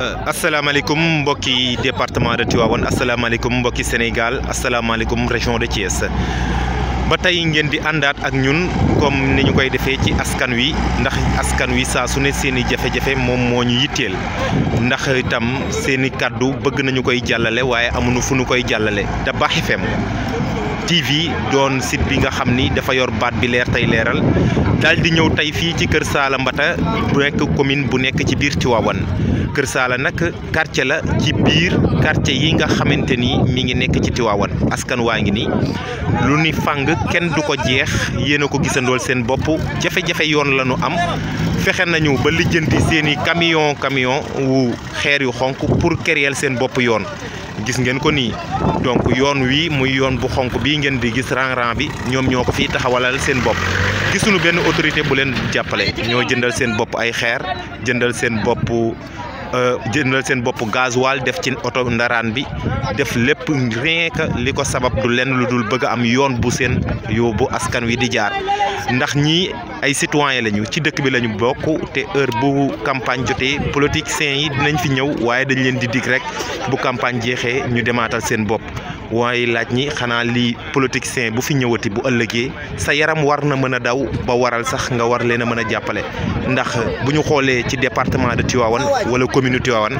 Euh, asalaamaaleykum mbokki département de Tivaouane asalaamaaleykum mbokki Sénégal asalaamaaleykum région de Thiès ba tey ngeen di àndaat ak ñun comme ni ñu koy defee ci askan wi ndax askan wi saa su ne seen jafe-jafe moom moo ñu yitteel ndax itam seeni kàddu bëgg nañu koy jàllale waaye amuñu fu ñu koy jàllale te Dabakh FM TV doon sit bi nga xam ni dafa yor baat bi leer tey leeral daal di ñëw tey fii ci kër Saala Mbata bu nekk commune bu nekk ci biir Tivaouane kër Saala nag quartier la ci biir quartier yi nga xamante ni mi ngi nekk ci Tivaouane askan waa ngi ni lu ni fàng kenn du ko jeex yéen a ko gisandool seen bopp jafe-jafe yoon la ñu am fexe nañu ba lijjanti seeni camion camion wu xeer yu xonq pour kéréel seen bopp yoon. gis ngeen ko nii donc yoon wii muy yoon bu xonk bii ngeen di gis rang rang bi ñoom ñoo ko fi taxawalal seen bopp gisuñu benn autorité bu leen jàppale ñoo jëndal seen bopp ay xeer jëndal seen bopp euh, jëndal seen bopp gasoil def ci oto ndaraan bi def lépp rien que li ko sabab du lenn lu dul bëgg a am yoon bu seen yow bu askan wi di jaar ndax ñii ay citoyen lañu ci dëkk bi lañu bokk te heure bu campagne jotee politiciens yi dinañ fi ñëw waaye dañ leen di dig rek bu campagne jeexee ñu demaatal seen bopp waaye laaj ñi xanaa li lii politicien bu fi ñëwati bu ëllëgee sa yaram war na mën a daw ba waral sax nga war leen a mën a jàppale ndax bu ñu xoolee ci département de Tivaouane wala commune Tivaouane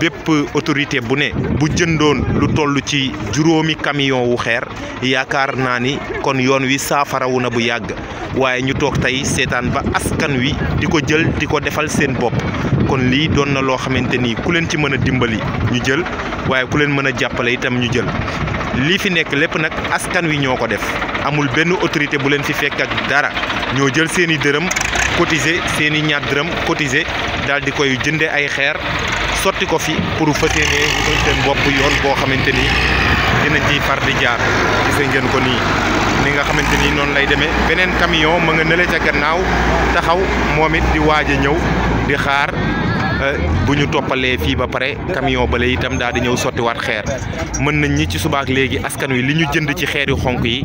bépp autorité bu ne bu jëndoon lu toll ci juróomi camion wu xeer yaakaar naa ni kon yoon wi saafarawu na bu yàgg waaye ñu toog tey seetaan ba askan wi di ko jël di ko defal seen bopp kon lii doon na loo xamante ni ku leen ci mën a dimbali ñu jël waaye ku leen mën a jàppale itam ñu jël lii fi nekk lépp nag askan wi ñoo ko def amul benn autorité bu leen fi fekk ak dara ñoo jël seen i dërëm cotiser seen i ñaar dërëm cotiser daal di koy jënde ay xeer sotti ko fi pour fas yéene wutal bopp yoon boo xamante ni dina ciy far di jaar gisee ngeen ko nii ni nga xamante ni noonu lay demee beneen camion mën nga nële ca gannaaw taxaw moom it di waaj a ñëw di xaar euh, bu ñu toppalee fii ba pare camion bale itam daal di ñëw sottiwaat xeer mën nañ ñi ci subaak léegi askan wi li ñu jënd ci xeer yu xonk yi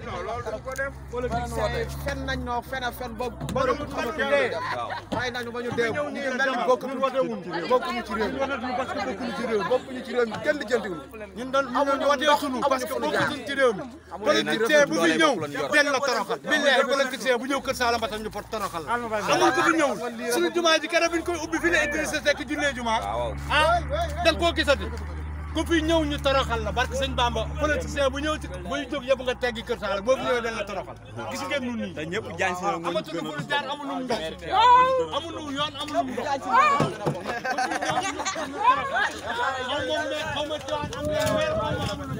non loolu dañ ko def. politique fen nañ ñoo fen a fen ba. ba lu xamante ne waaye nañu ba ñu dee ñun dañu bokkuñu bokkuñu ci réew mi parce que bokkuñu ci réew mi bokkuñu ci réew mi kenn jëndiwul ñun dañ amuñu watee sunu parce que bokkuñu ci réew mi politicien bu fi ñëw den la toroxal billahi politicien bu ñëw kër Saalum Batam ñu pot toroxal amul ku fi ñëwul suñu jumaa ji kere biñ koy ubbi fi ne Idrissa Seck jullee jumaa ah dañ koo gisati ku fi ñëw ñu toroxal la barke sëñ Bamba politicien bu ñëw ci buy jóg yëpp nga teggi kër Saalum boo fi ñëwee dañ la toroxal gis ngeen ñun nii. te ñëpp jaañ si yoon amatuñu fu ñu jaar amuñu ndox amuñu yoon amuñu ndox. xaw ma xaw ma am leen weer xaw ma amuñu